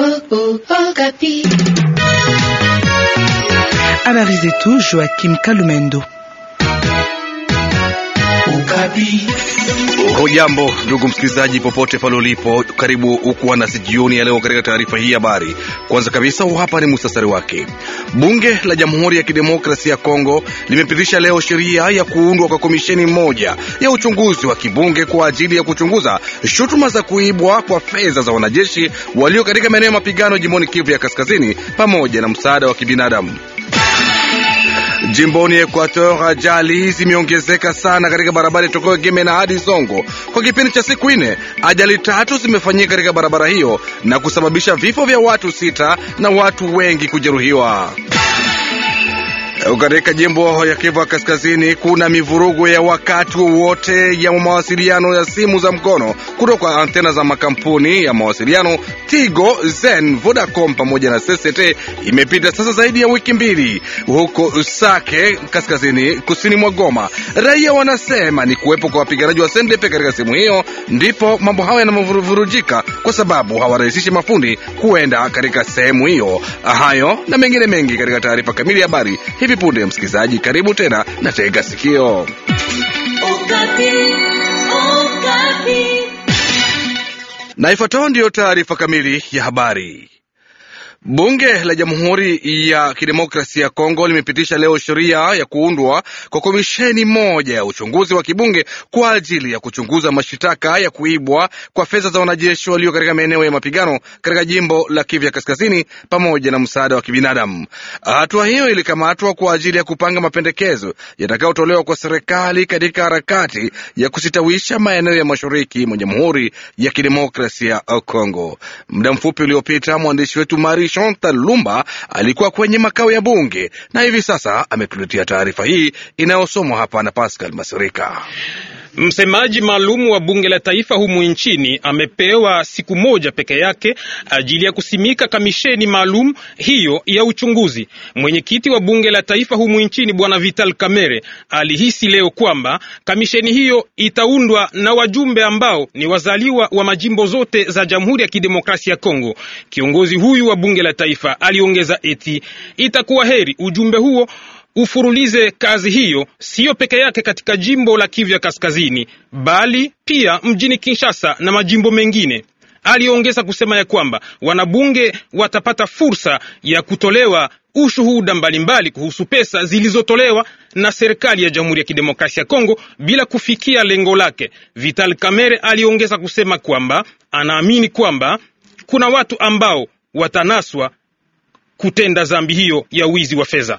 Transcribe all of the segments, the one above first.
Oh, oh, oh, Capi. Anna tout, Joachim Kalumendo. Hujambo ndugu msikilizaji, popote pale ulipo, karibu ukuwa nasi jioni ya leo katika taarifa hii habari. Kwanza kabisa, hapa ni musasari wake. Bunge la Jamhuri ya Kidemokrasia ya Kongo limepitisha leo sheria ya kuundwa kwa komisheni moja ya uchunguzi wa kibunge kwa ajili ya kuchunguza shutuma za kuibwa kwa fedha za wanajeshi walio katika maeneo ya mapigano jimboni Kivu ya Kaskazini, pamoja na msaada wa kibinadamu. Jimboni Equator, ajali zimeongezeka sana katika barabara itokeo Gemena hadi Zongo. Kwa kipindi cha siku nne, ajali tatu zimefanyika katika barabara hiyo na kusababisha vifo vya watu sita na watu wengi kujeruhiwa. Katika jimbo ya Kivu Kaskazini kuna mivurugu ya wakati wowote ya mawasiliano ya simu za mkono kutoka antena za makampuni ya mawasiliano Tigo, Zen, Vodacom pamoja na CCT. Imepita sasa zaidi ya wiki mbili huko Sake, kaskazini kusini mwa Goma. Raia wanasema ni kuwepo kwa wapiganaji wa SNDP katika sehemu hiyo, ndipo mambo hayo yanavurujika, kwa sababu hawarahisishi mafundi kuenda katika sehemu hiyo. Hayo na mengine mengi katika taarifa kamili ya habari hivi punde msikilizaji karibu tena na tega sikio ukati, ukati. na ifuatayo ndiyo taarifa kamili ya habari Bunge la Jamhuri ya Kidemokrasia ya Kongo limepitisha leo sheria ya kuundwa kwa komisheni moja ya uchunguzi wa kibunge kwa ajili ya kuchunguza mashitaka ya kuibwa kwa fedha za wanajeshi walio katika maeneo ya mapigano katika jimbo la Kivya Kaskazini pamoja na msaada wa kibinadamu. Hatua hiyo ilikamatwa kwa ajili ya kupanga mapendekezo yatakayotolewa kwa serikali katika harakati ya kusitawisha maeneo ya mashariki mwa Jamhuri ya Kidemokrasia ya Kongo. Muda mfupi uliopita mwandishi wetu Mari Chantal Lumba alikuwa kwenye makao ya bunge na hivi sasa ametuletea taarifa hii inayosomwa hapa na Pascal Masirika. Msemaji maalum wa bunge la taifa humu nchini amepewa siku moja peke yake ajili ya kusimika kamisheni maalum hiyo ya uchunguzi. Mwenyekiti wa bunge la taifa humu nchini bwana Vital Kamerhe alihisi leo kwamba kamisheni hiyo itaundwa na wajumbe ambao ni wazaliwa wa majimbo zote za Jamhuri ya Kidemokrasia ya Kongo. Kiongozi huyu wa bunge la taifa aliongeza eti itakuwa heri ujumbe huo ufurulize kazi hiyo siyo peke yake katika jimbo la Kivu ya Kaskazini, bali pia mjini Kinshasa na majimbo mengine. Aliongeza kusema ya kwamba wanabunge watapata fursa ya kutolewa ushuhuda mbalimbali kuhusu pesa zilizotolewa na serikali ya Jamhuri ya Kidemokrasia ya Kongo bila kufikia lengo lake. Vital Kamerhe aliongeza kusema kwamba anaamini kwamba kuna watu ambao watanaswa kutenda dhambi hiyo ya wizi wa fedha.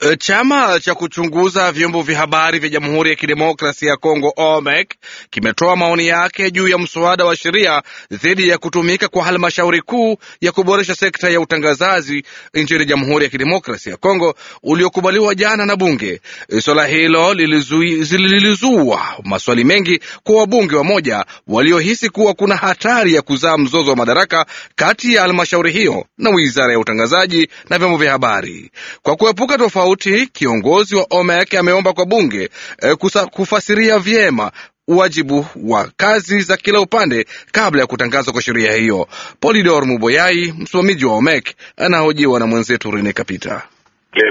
Eh, chama cha kuchunguza vyombo vya habari vya Jamhuri ya Kidemokrasia ya Kongo OMEC kimetoa maoni yake juu ya mswada wa sheria dhidi ya kutumika kwa halmashauri kuu ya kuboresha sekta ya utangazaji nchini Jamhuri ya Kidemokrasia ya Kongo uliokubaliwa jana na bunge. Eh, swala hilo lilizua maswali mengi kwa wabunge wamoja waliohisi kuwa kuna hatari ya kuzaa mzozo wa madaraka kati ya halmashauri hiyo na Wizara ya Utangazaji na Vyombo vya Habari kwa kuepuka tofauti tofauti, kiongozi wa OMEC ameomba kwa bunge eh, kusa, kufasiria vyema wajibu wa kazi za kila upande kabla ya kutangazwa kwa sheria hiyo. Polidor Muboyai, msimamizi wa OMEC, anahojiwa na mwenzetu Rene Kapita. Euh,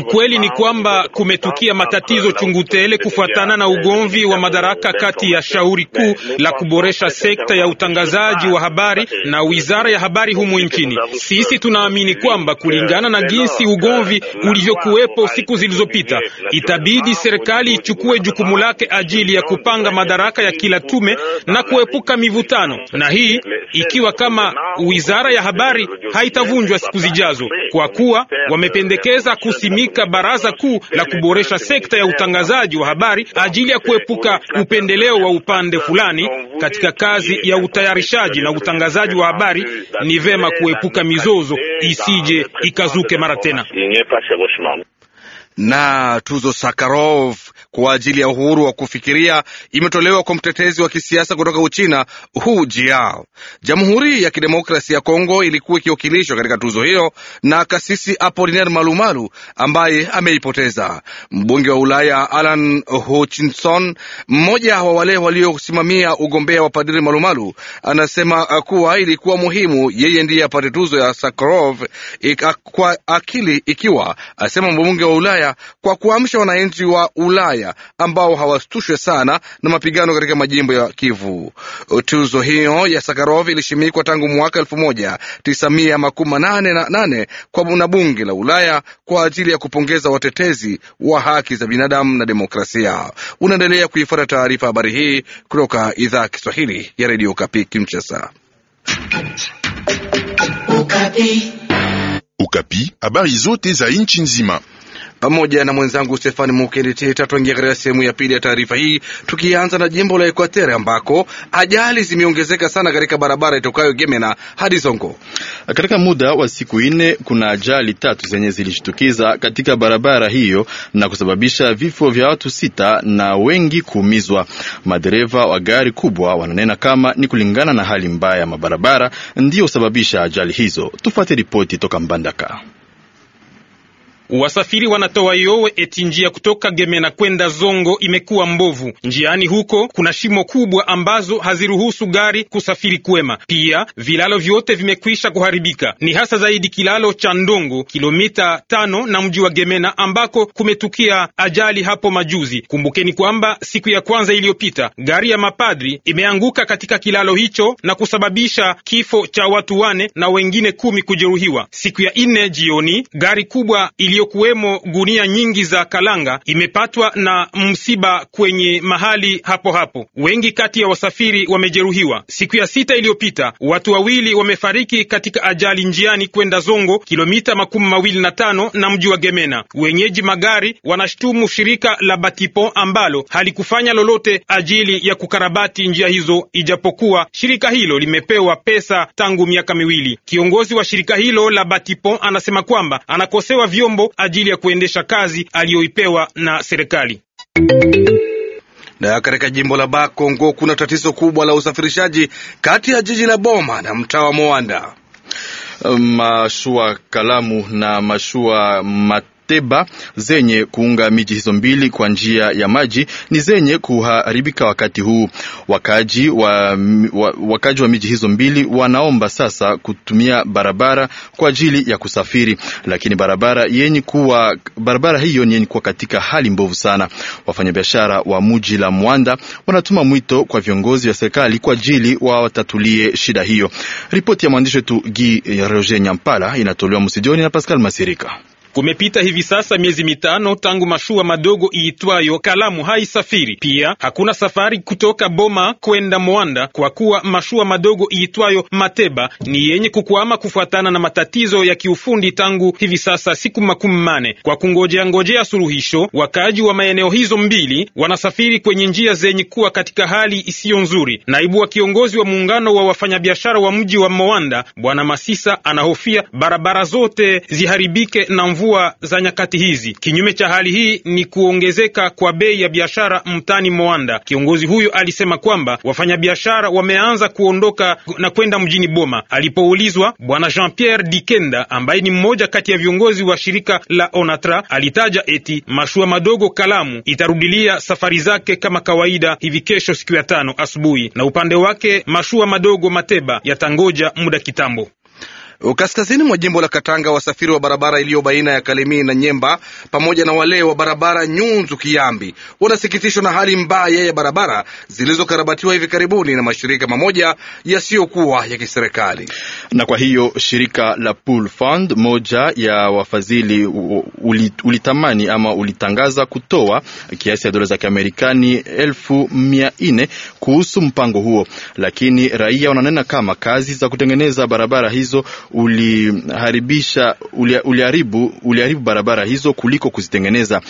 Ukweli ni kwamba kumetukia matatizo euh, chungu tele kufuatana na ugomvi euh, wa madaraka kati ya shauri kuu la kuboresha sekta ya utangazaji wa habari na wizara ya habari humu nchini. Sisi tunaamini kwamba kulingana na jinsi ugomvi ulivyokuwepo siku zilizopita, itabidi serikali ichukue jukumu lake ajili ya kupanga madaraka ya kila tume na kuepuka mivutano, na hii ikiwa kama wizara ya habari haitavunjwa siku zijazo kwa kuwa wamependekeza kusimika baraza kuu la kuboresha sekta ya utangazaji wa habari ajili ya kuepuka upendeleo wa upande fulani katika kazi ya utayarishaji na utangazaji wa habari. Ni vema kuepuka mizozo isije ikazuke mara tena. Na tuzo Sakharov kwa ajili ya uhuru wa kufikiria imetolewa kwa mtetezi wa kisiasa kutoka Uchina Hu Jia. Jamhuri ya Kidemokrasia ya Kongo ilikuwa ikiwakilishwa katika tuzo hiyo na kasisi Apolinar Malumalu ambaye ameipoteza. Mbunge wa Ulaya Alan Hutchinson, mmoja wa wale waliosimamia ugombea wa padiri Malumalu, anasema uh, kuwa ilikuwa muhimu yeye ndiye apate tuzo ya Sakharov uh, kwa akili, ikiwa asema mbunge wa Ulaya kwa kuamsha wananchi wa Ulaya Ulaya ambao hawastushwe sana na mapigano katika majimbo ya Kivu. Tuzo hiyo ya sakharov ilishimikwa tangu mwaka 1988 na bunge la Ulaya kwa ajili ya kupongeza watetezi wa haki za binadamu na demokrasia. Unaendelea kuifuata taarifa habari hii kutoka idhaa ya Kiswahili ya redio Kapi Kinshasa. Ukapi, habari zote za nchi nzima pamoja na mwenzangu Stefani Mukenditi Tuingia katika sehemu ya pili ya taarifa hii, tukianza na jimbo la ekuater ambako ajali zimeongezeka sana katika barabara itokayo Gemena hadi Zongo. Katika muda wa siku nne, kuna ajali tatu zenye zilishitukiza katika barabara hiyo na kusababisha vifo vya watu sita na wengi kuumizwa. Madereva wa gari kubwa wananena kama ni kulingana na hali mbaya ya mabarabara ndiyo husababisha ajali hizo. Tufate ripoti toka Mbandaka. Wasafiri wanatoa yowe eti njia kutoka Gemena kwenda Zongo imekuwa mbovu. Njiani huko kuna shimo kubwa ambazo haziruhusu gari kusafiri kwema. Pia vilalo vyote vimekwisha kuharibika, ni hasa zaidi kilalo cha Ndongo, kilomita tano na mji wa Gemena ambako kumetukia ajali hapo majuzi. Kumbukeni kwamba siku ya kwanza iliyopita gari ya mapadri imeanguka katika kilalo hicho na kusababisha kifo cha watu wane na wengine kumi kujeruhiwa. Siku ya nne jioni gari kubwa ili iliyokuwemo gunia nyingi za kalanga imepatwa na msiba kwenye mahali hapo hapo. Wengi kati ya wasafiri wamejeruhiwa. Siku ya sita iliyopita watu wawili wamefariki katika ajali njiani kwenda Zongo, kilomita makumi mawili na tano na mji wa Gemena. Wenyeji magari wanashutumu shirika la Batipo ambalo halikufanya lolote ajili ya kukarabati njia hizo, ijapokuwa shirika hilo limepewa pesa tangu miaka miwili. Kiongozi wa shirika hilo la Batipo anasema kwamba anakosewa vyombo mambo ajili ya kuendesha kazi aliyoipewa na serikali. Na katika jimbo la Bakongo kuna tatizo kubwa la usafirishaji kati ya jiji la Boma na mtaa wa Moanda. Mashua Kalamu na mashua mat Teba zenye kuunga miji hizo mbili kwa njia ya maji ni zenye kuharibika wakati huu. Wakaji wa, wa, wakaji wa miji hizo mbili wanaomba sasa kutumia barabara kwa ajili ya kusafiri, lakini barabara yenye kuwa barabara hiyo ni yenye kuwa katika hali mbovu sana. Wafanyabiashara wa muji la Mwanda wanatuma mwito kwa viongozi wa serikali kwa ajili wawatatulie shida hiyo. Ripoti ya mwandishi wetu Gi Roger Nyampala inatolewa msijoni na Pascal Masirika. Kumepita hivi sasa miezi mitano tangu mashua madogo iitwayo Kalamu haisafiri. Pia hakuna safari kutoka Boma kwenda Mwanda kwa kuwa mashua madogo iitwayo Mateba ni yenye kukwama kufuatana na matatizo ya kiufundi tangu hivi sasa siku makumi mane. Kwa kungojea ngojea suluhisho, wakaaji wa maeneo hizo mbili wanasafiri kwenye njia zenye kuwa katika hali isiyo nzuri. Naibu wa kiongozi wa muungano wa wafanyabiashara wa mji wa Mwanda, Bwana Masisa, anahofia barabara zote ziharibike na mvua mvua za nyakati hizi. Kinyume cha hali hii ni kuongezeka kwa bei ya biashara mtaani Moanda. Kiongozi huyo alisema kwamba wafanyabiashara wameanza kuondoka na kwenda mjini Boma. Alipoulizwa, bwana Jean Pierre Dikenda ambaye ni mmoja kati ya viongozi wa shirika la Onatra alitaja eti mashua madogo Kalamu itarudilia safari zake kama kawaida hivi kesho siku ya tano asubuhi, na upande wake mashua madogo Mateba yatangoja muda kitambo. Kaskazini mwa jimbo la Katanga, wasafiri wa barabara iliyo baina ya kalemi na Nyemba pamoja na wale wa barabara Nyunzu Kiambi wanasikitishwa na hali mbaya ya barabara zilizokarabatiwa hivi karibuni na mashirika mamoja yasiyokuwa ya kiserikali. Na kwa hiyo shirika la Pool Fund, moja ya wafadhili, ulitamani ama ulitangaza kutoa kiasi ya dola za Kiamerikani elfu mia nne kuhusu mpango huo, lakini raia wananena kama kazi za kutengeneza barabara hizo uliharibisha uliharibu uliharibu barabara hizo kuliko kuzitengeneza.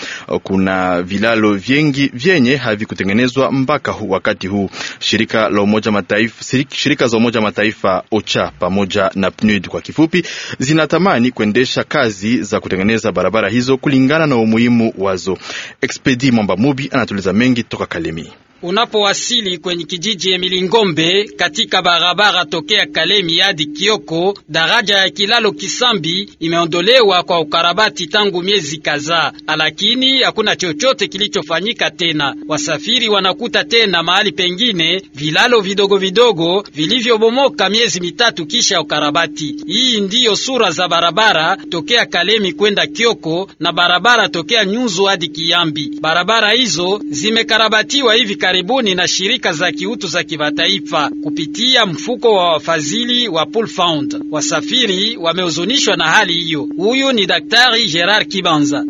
Kuna vilalo vyengi vyenye havikutengenezwa mpaka hu, wakati huu shirika la Umoja Mataifa, shirika za Umoja Mataifa OCHA pamoja na PNUD kwa kifupi zinatamani kuendesha kazi za kutengeneza barabara hizo kulingana na umuhimu wazo. Expedi Mwamba Mubi anatuliza mengi toka Kalemi. Unapowasili kwenye kijiji ya Milingombe katika barabara tokea Kalemi hadi Kioko, daraja ya kilalo Kisambi imeondolewa kwa ukarabati tangu miezi kadhaa, lakini hakuna chochote kilichofanyika tena. Wasafiri wanakuta tena mahali pengine vilalo vidogo vidogo vilivyobomoka miezi mitatu kisha ukarabati. Hii ndiyo sura za barabara tokea Kalemi kwenda Kioko na barabara tokea Nyunzu hadi Kiambi. Barabara hizo zimekarabatiwa hivi karibuni na shirika za kiutu za kimataifa kupitia mfuko wa wafadhili wa Pool Fund. Wasafiri wamehuzunishwa na hali hiyo. Huyu ni Daktari Gerard Kibanza.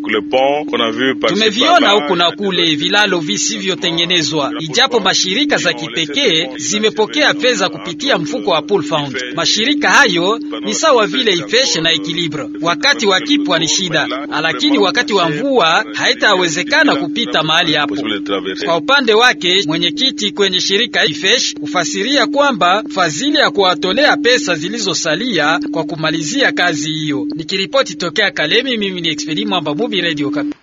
Tumeviona huku na kule vilalo visivyotengenezwa, ijapo mashirika za kipekee zimepokea fedha kupitia mfuko wa Pool Fund. Mashirika hayo ni sawa vile Ifeshe na Ekilibre. Wakati wa kipwa ni shida, lakini wakati wa mvua haitawezekana kupita mahali hapo. Kwa upande wake mwenyekiti kwenye shirika IFESH, kufasiria kwamba fadhili ya kuwatolea pesa zilizosalia kwa kumalizia kazi hiyo. Nikiripoti tokea Kalemi, mimi ni Expedi Mwamba Mubi, Radio Kapi.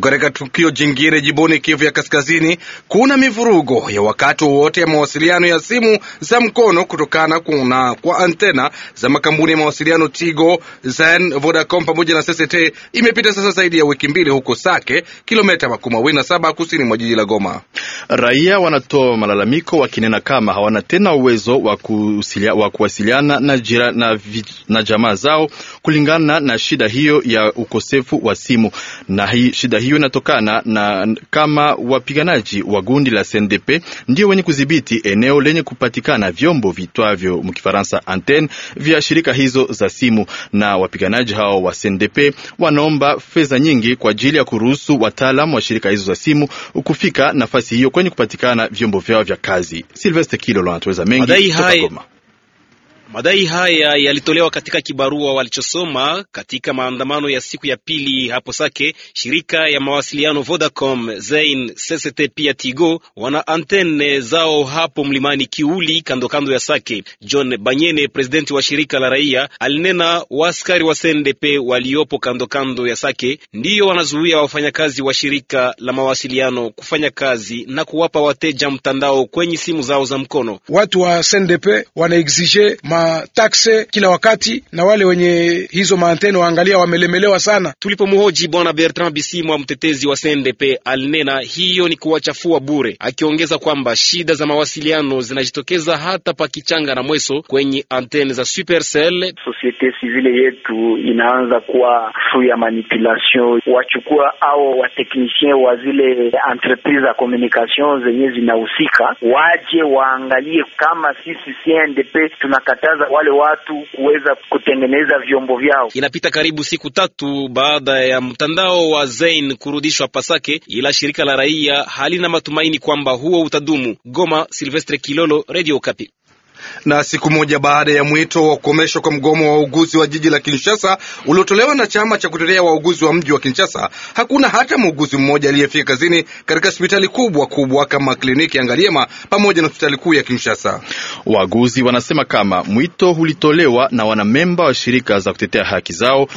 Katika tukio jingine jiboni Kivu ya Kaskazini, kuna mivurugo ya wakati wowote ya mawasiliano ya simu za mkono kutokana kuna kwa antena za makampuni ya mawasiliano Tigo, Zen, Vodacom pamoja na CCT. Imepita sasa zaidi ya wiki mbili huko Sake, kilomita makumi mawili na saba kusini mwa jiji la Goma. Raia wanatoa malalamiko wakinena kama hawana tena uwezo wa kuwasiliana na, jira, na, na jamaa zao kulingana na shida hiyo ya ukosefu wa simu na hii shida Shida hiyo inatokana na kama wapiganaji wa gundi la CNDP ndio wenye kudhibiti eneo lenye kupatikana vyombo vitwavyo mkifaransa antene vya shirika hizo za simu, na wapiganaji hao wa CNDP wanaomba fedha nyingi kwa ajili ya kuruhusu wataalamu wa shirika hizo za simu kufika nafasi hiyo kwenye kupatikana vyombo vyao vya kazi. Silvestre Kilolo anatueleza mengi kutoka Goma. Madai haya yalitolewa katika kibarua walichosoma katika maandamano ya siku ya pili hapo Sake. Shirika ya mawasiliano Vodacom, Zain, CCT pia Tigo wana antene zao hapo mlimani Kiuli, kando kando ya Sake. John Banyene, presidenti wa shirika la raia, alinena waaskari wa CNDP waliopo kando kando ya Sake ndiyo wanazuia wafanyakazi wa shirika la mawasiliano kufanya kazi na kuwapa wateja mtandao kwenye simu zao za mkono. Watu wa CNDP wanaexige ma mataxe kila wakati, na wale wenye hizo maantene waangalia wamelemelewa sana. Tulipomhoji Bwana Bertrand Bisimwa, mtetezi wa CNDP, alinena hiyo ni kuwachafua bure, akiongeza kwamba shida za mawasiliano zinajitokeza hata pakichanga na Mweso kwenye antene za Supercell. Societe civile yetu inaanza kuwa fu ya manipulation, wachukua au wateknisien wa zile entreprise za communication zenye zinahusika waje waangalie kama sisi CNDP tunakata kukataza wale watu kuweza kutengeneza vyombo vyao. Inapita karibu siku tatu baada ya mtandao wa Zain kurudishwa Pasake, ila shirika la raia halina matumaini kwamba huo utadumu. Goma, Silvestre Kilolo, Radio Kapi. Na siku moja baada ya mwito wa kukomeshwa kwa mgomo wa wauguzi wa jiji la Kinshasa uliotolewa na chama cha kutetea wauguzi wa mji wa Kinshasa, hakuna hata muuguzi mmoja aliyefika kazini katika hospitali kubwa kubwa kama kliniki ya Ngaliema pamoja na hospitali kuu ya Kinshasa. Wauguzi wanasema kama mwito ulitolewa na wanamemba wa shirika za kutetea haki zao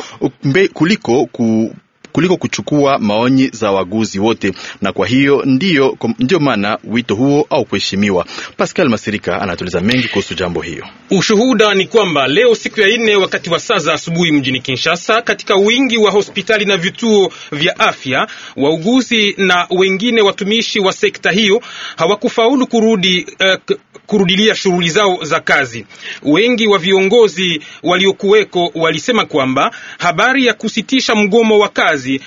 kuliko ku kuliko kuchukua maoni za waguzi wote, na kwa hiyo ndiyo, ndiyo maana wito huo au kuheshimiwa. Pascal Masirika anatueleza mengi kuhusu jambo hiyo. Ushuhuda ni kwamba leo siku ya nne wakati wa saa za asubuhi mjini Kinshasa, katika wingi wa hospitali na vituo vya afya, wauguzi na wengine watumishi wa sekta hiyo hawakufaulu kurudi uh, kurudilia shughuli zao za kazi. Wengi wa viongozi waliokuweko walisema kwamba habari ya kusitisha mgomo wa kazi kazi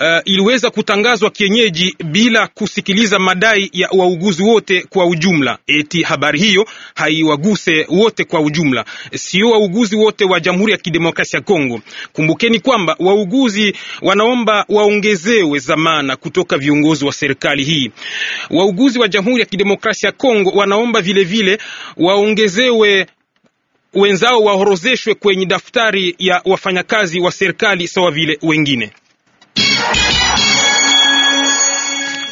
uh, iliweza kutangazwa kienyeji bila kusikiliza madai ya wauguzi wote kwa ujumla, eti habari hiyo haiwaguse wote kwa ujumla, sio wauguzi wote wa Jamhuri ya Kidemokrasia ya Kongo. Kumbukeni kwamba wauguzi wanaomba waongezewe zamana kutoka viongozi wa serikali hii. Wauguzi wa Jamhuri ya Kidemokrasia ya Kongo wanaomba vilevile waongezewe wenzao waorozeshwe kwenye daftari ya wafanyakazi wa serikali sawa vile wengine.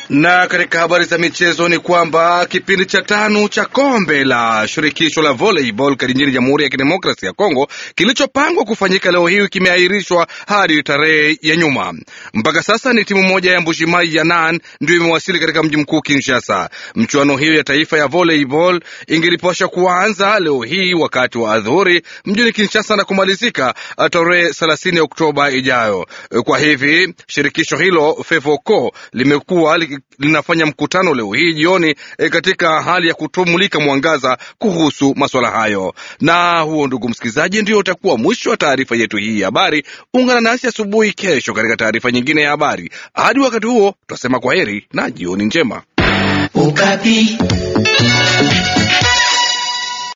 Na katika habari za michezo ni kwamba kipindi cha tano cha kombe la shirikisho la volleyball nchini Jamhuri ya Kidemokrasi ya Kongo kilichopangwa kufanyika leo hii kimeahirishwa hadi tarehe ya nyuma. Mpaka sasa ni timu moja ya Mbushimai ya Nan ndio imewasili katika mji mkuu Kinshasa. Mchuano hiyo ya taifa ya volleyball ingelipaswa kuanza leo hii wakati wa adhuhuri mjini Kinshasa na kumalizika uh, tarehe 30 Oktoba ijayo. Kwa hivi shirikisho hilo FEVOCO limekuwa linafanya mkutano leo hii jioni e, katika hali ya kutumulika mwangaza kuhusu masuala hayo. Na huo, ndugu msikilizaji, ndio utakuwa mwisho wa taarifa yetu hii ya habari. Ungana nasi asubuhi kesho katika taarifa nyingine ya habari. Hadi wakati huo, twasema kwa heri na jioni njema. Ukapi.